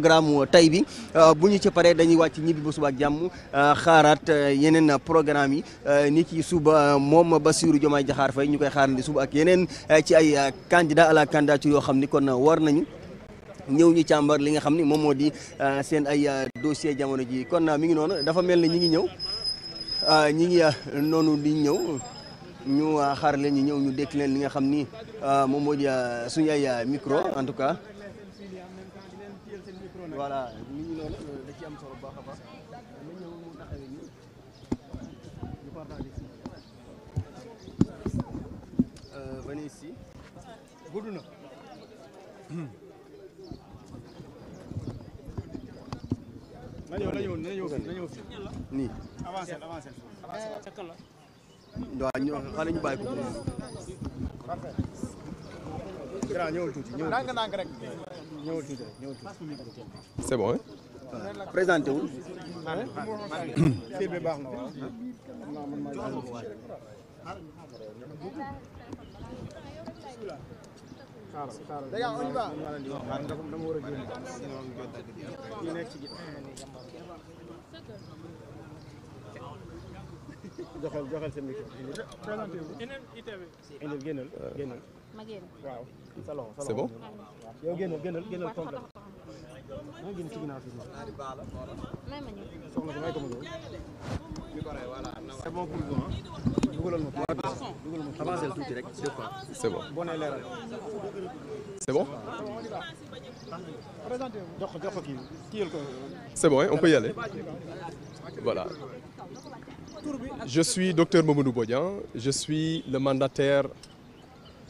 programme tey bi euh, bu ñu ci paree dañuy wàcc ñibbi ba suba ak jàmm euh, xaaraat euh, yeneen programme yi ni ki suba moom Bassirou Diomaye Diakhar fay ñu koy xaarandi suba ak yeneen ci ay candidat à la candidature yoo xam ni kon war nañu ñëw ñu càmbar li nga xam ni moom moo di seen ay dossier jamono ji kon mi ngi noonu dafa mel ni ñi ngi ñëw ñi ngi noonu di ñëw ñu xaar leen ñu ñëw ñu dékk leen li nga xam ni moom moo di suñu ay micro en tout cas voilà nit ñi loolu da ci am solo baax a baax dama ñëw mu taxawee ñu ñu partage ici euh, venez ici gudd na na ñëw na ñëw na ñëw fii na ñëw fii nii avancé grand ñëwal tuuti ñëwal tuuti ndànk rek ñëwal tuuti rek ñëwal tuuti. c'est bon. présenté wu. baax na joxal joxal seen micro. ma génn waaw salon c'est bon c'est bon c'est bon on peut y aller voilà je suis docteur Mamadou Bodian je suis le mandataire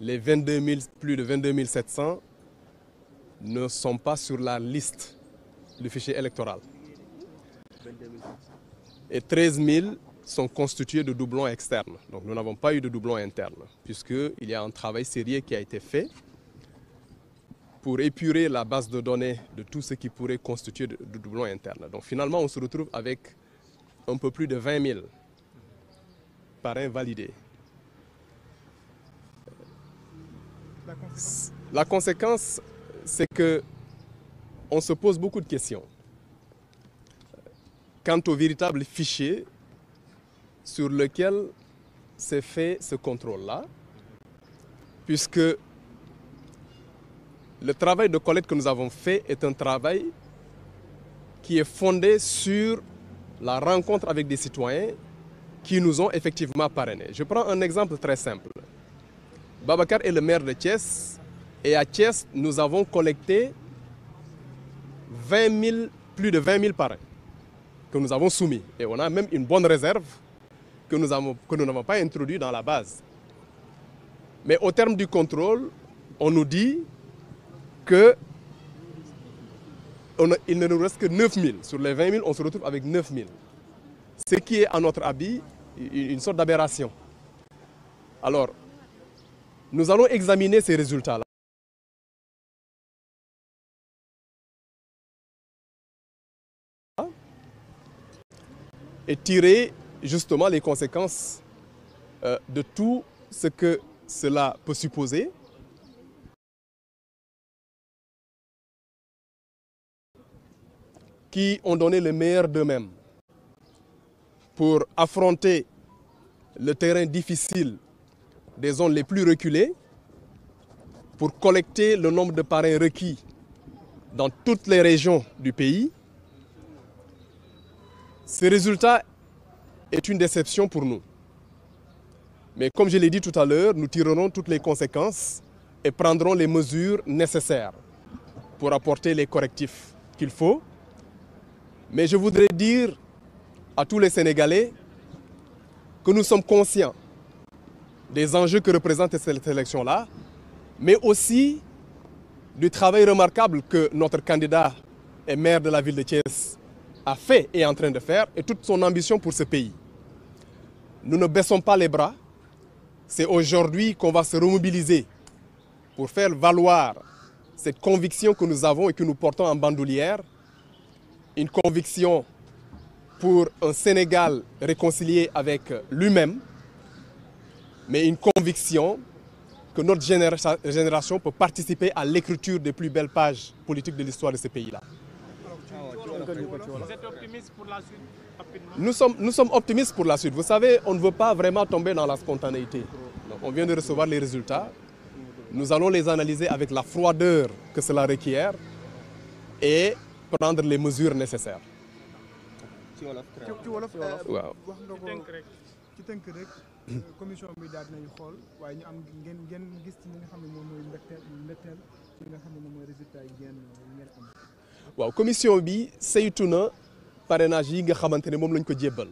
les 22 000, plus de 22 700 ne sont pas sur la liste du fichier électoral. Et 13 000 sont constitués de doublons externes. Donc nous n'avons pas eu de doublons internes, puisqu'il y a un travail sérieux qui a été fait pour épurer la base de données de tout ce qui pourrait constituer de, de doublons internes. Donc finalement, on se retrouve avec un peu plus de 20 000 parrains La conséquence, la c'est que on se pose beaucoup de questions quant au véritable fichier sur lequel s'est fait ce contrôle-là, puisque le travail de collecte que nous avons fait est un travail qui est fondé sur la rencontre avec des citoyens qui nous ont effectivement parrainés. Je prends un exemple très simple. Babacar est le maire de Thiès et à Thiès, nous avons collecté 20 000, plus de 20 000 parrains que nous avons soumis. Et on a même une bonne réserve que nous avons, que nous n'avons pas introduite dans la base. Mais au terme du contrôle, on nous dit que on, il ne nous reste que 9 000. Sur les 20 000, on se retrouve avec 9 000. Ce qui est, à notre avis, une sorte d'aberration. Alors, Nous allons examiner ces résultats-là. et tirer justement les conséquences euh, de tout ce que cela peut supposer. qui ont donné le meilleur d'eux-mêmes pour affronter le terrain difficile des zones les plus reculées pour collecter le nombre de parrains requis dans toutes les régions du pays. Ce résultat est une déception pour nous. Mais comme je l'ai dit tout à l'heure, nous tirerons toutes les conséquences et prendrons les mesures nécessaires pour apporter les correctifs qu'il faut. Mais je voudrais dire à tous les Sénégalais que nous sommes conscients des enjeux que représente cette élection-là, mais aussi du travail remarquable que notre candidat et maire de la ville de Thiès a fait et en train de faire, et toute son ambition pour ce pays. Nous ne baissons pas les bras. C'est aujourd'hui qu'on va se remobiliser pour faire valoir cette conviction que nous avons et que nous portons en bandoulière, une conviction pour un Sénégal réconcilié avec lui-même, mais une conviction que notre génération peut participer à l'écriture des plus belles pages politiques de l'histoire de ce pays-là. pour la suite rapidement? Nous sommes, nous optimistes pour la suite. Vous savez, on ne veut pas vraiment tomber dans la spontanéité. on vient de recevoir les résultats. Nous allons les analyser avec la froideur que cela requiert et prendre les mesures nécessaires. commission bi daal dinañu xool waaye ñu am ngeen ngeen gis ci xam ne moom mooy waaw commission bi saytu na parrainage yi nga xamante ne moom lañ ko jébbal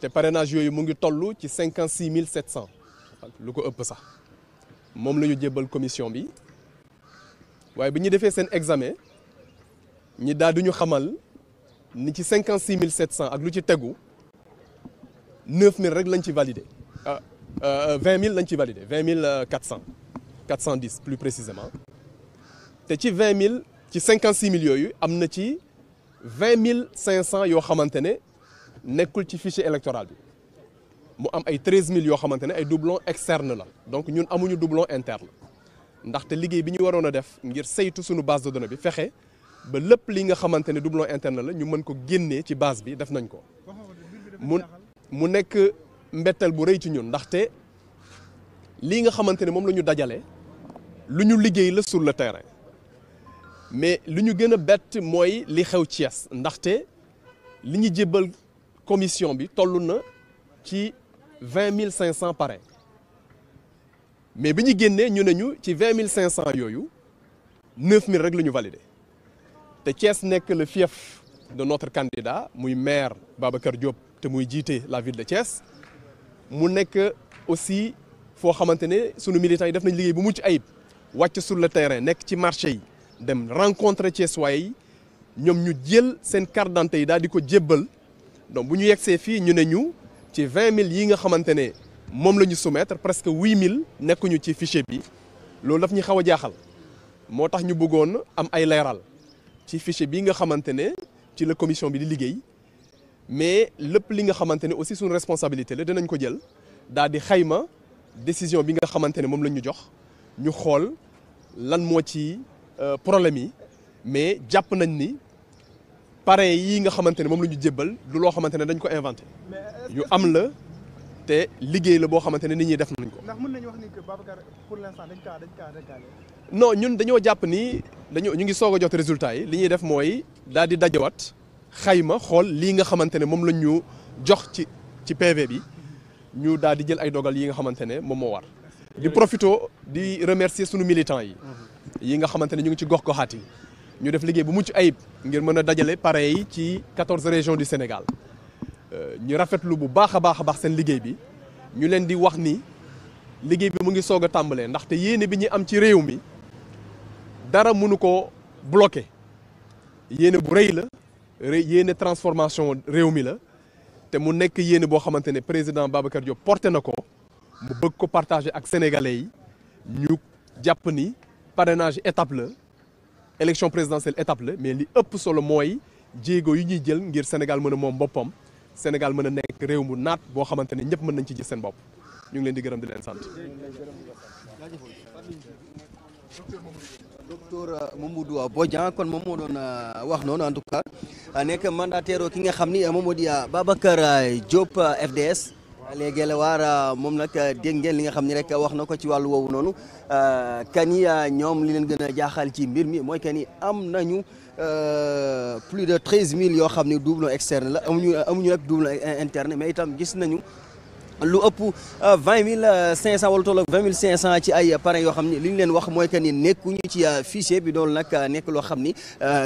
te parrainage yooyu mu ngi toll ci cinquante six mille sept cent lu ko ëpp sax moom lañu jébbal commission bi waaye bi ñu defee seen examen ñi daal di ñu xamal ni ci cinquante six mille sept cent ak lu ci tegu. 9000 rek lañ ci validé ah 20000 euh, euh, lañ ci validé 20 euh, cent dix plus précisément te ci vingt mille ci 56000 yooyu am na ci vingt mille cinq 500 yoo xamante ne nekkul ci fichier électoral bi mu am ay mille yoo xamante ne ay doublon externe la donc ñun amuñu doublon interne ndaxte liggéey bi ñu waroon a def ngir saytu suñu base de données bi fexe ba lépp li nga xamante ne doublon interne la ñu mën ko génnee ci base bi def nañ ko mu nekk mbettel bu rëy ci ñun ndaxte lii nga xamante ne moom la ñu dajale lu ñu liggéey la sur le terrain mais li ñu gën a bett mooy li xew Thiès ndaxte li ñu jébbal commission bi tollu na ci vingt mille cinq cent parrain mais bi ñu génnee ñu ne ñu ci vingt mille cinq cent yooyu neuf rek la ñu validé te Thiès nekk le fief de notre candidat muy maire Babacar Diop. te muy jiite la ville de Thiès mu nekk aussi foo xamante ne sunu militants yi def nañ liggéey bu mucc ayib wàcc sur le terrain nekk ci marché yi dem rencontrer Thiessois yi ñoom ñu jël seen carte yi daal di ko jébbal donc bu ñu yegsee fii ñu ne ñu ci vingt mille yi nga xamante ne moom la ñu soumettre presque huit mille nekkuñu ci fichier bi loolu daf ñuy xaw a jaaxal moo tax ñu bëggoon am ay leeral ci fichier bi nga xamante ne ci la commission bi di liggéey mais lépp li nga xamante ne aussi suñu responsabilité la dinañ ko jël daal di xayma décision bi nga xamante ne moom lañu jox ñu xool lan moo ci euh, problème yi mais jàpp nañ ni parrain yi nga xamante ne moom la ñu jébbal du loo xamante ne dañ ko inventé yu am la te liggéey la boo xamante ne nit ñi def nañ ko. ndax mën nañu wax ni que Babacar pour l'instant dañ kaa dañ kaa régalé. non ñun dañoo jàpp ni dañoo ñu ngi soog a jot résultat yi li ñuy def mooy daal di dajawaat. xayma xool lii nga xamante ne moom lañ ñu jox ci ci bi ñu daal di jël ay dogal yi nga xamante ne moom moo war. di profito di remercier sunu militants yi. yi nga xamante ne ñu ngi ci gox goxaat ñu def liggéey bu mucc ayib ngir mën a dajale pare yi ci quatorze régions du Sénégal euh, ñu rafetlu bu baax a baax a baax seen liggéey bi ñu leen di wax ni liggéey bi mu ngi soog a tàmbalee ndaxte yéene bi ñu am ci réew mi dara mënu ko bloqué yéene bu rëy la. yéene transformation réew mi la te mu nekk yéene boo xamante ne président Babacar Diop porte na ko mu bëgg ko partager ak sénégalais yi ñu jàpp ni parrainage étape la élection présidentielle étape la mais li ëpp solo mooy jéego yi ñuy jël ngir Sénégal mën a moom boppam Sénégal mën a nekk réew mu naat boo xamante ne ñëpp mën nañ ci gis seen bopp ñu ngi leen di gërëm di leen sant. docteur euh, Mamadou Bodian kon moom moo doon euh, wax noonu en tout cas euh, nekk mandataire ki nga xam ni moom moo di Babacar Diop FDS léegi la waar moom nag dégg ngeen li nga xam ni rek wax na ko ci wàllu woowu noonu kan yi ñoom li leen gën a jaaxal ci mbir mi mooy kan yi am nañu plus de treize mille yoo xam ni doublon externe la amuñu amuñu rek doublon interne mais itam gis nañu. lu ëpp euh, vingt mille euh, cinq cent wala toll ak vingt cinq cent ci ay parrains yoo xam ni li ñu leen wax mooy que ni ñu ci euh, fichier bi doon nag nekk loo xam ni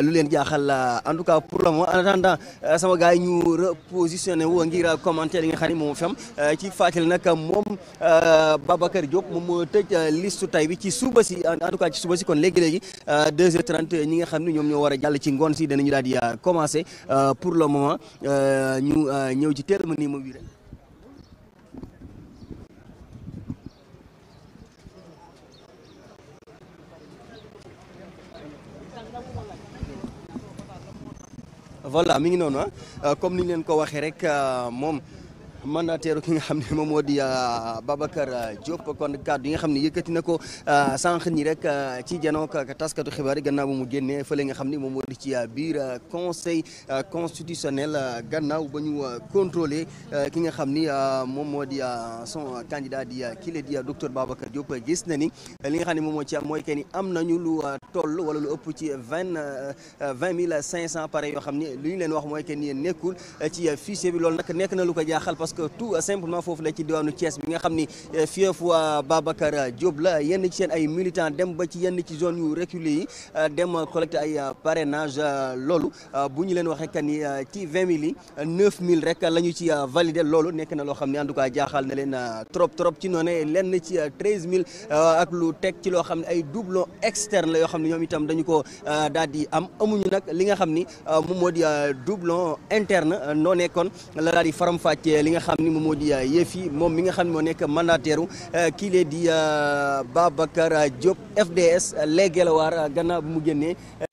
lu leen jaaxal en tout cas pour le moment en attendant sama gars yi ñu repositionné wu ngir commenter li nga xam ni moom fam ci fàttali nag moom Babacar Diop moom moo tëj liste bi ci suba si en tout cas ci suba si kon léegi-léegi deux heures ñi nga xam ni ñoom ñoo war a jàll ci ngoon si danañu daal di commencer pour le moment ñu ñëw ci teel ma nii ma wii voilà mi ngi noonu ah euh, comme ni ñu leen ko waxee rek euh, moom mandataire ki nga xam ne moom moo di euh, Babacar Diop kon kàddu yi nga xam ne yëkkati na ko euh, sànq nii rek euh, ci janook ak taskatu xibaar yi gannaaw bu mu génnee fële nga xam ni moom moo di ci biir conseil constitutionnel gannaaw ba ñu contrôlé ki nga xam ni moom moo di son candidat di kii la di docteur Babacar Diop gis na ni li nga xam ne moom moo ci mooy que ni am nañu lu toll wala lu ëpp ci vingt vingt mille cinq cent pare yoo xam ni lu ñu leen wax mooy que ni nekkul ci fichier bi loolu nag nekk na lu ko jaaxal pense que tout simplement foofu la ci diwaanu Thiès bi nga xam ni eh, fiefu Babacar Diop la yenn ci ay militants dem ba ci yenn ci zone yu reculé yi eh, dem collecté ay parrainage eh, loolu bu ñu leen wax rek ni ci vingt mille yi neuf mille rek la ñu ci validé loolu nekk na loo xam ne en tout cas jaaxal na leen trop trop ci noonu lenn ci treize mille ak lu teg ci loo xam ne ay doublon externe la yoo xam ne ñoom itam dañu ko daal di am amuñu nag li nga xam ni moom moo di doublon interne xam ni moom moo di euh, yëf yi moom mi nga xam ne moo nekk mandataire euh, kii lee di euh, Babacar Diop FDS léegi la waar gannaaw mu génnee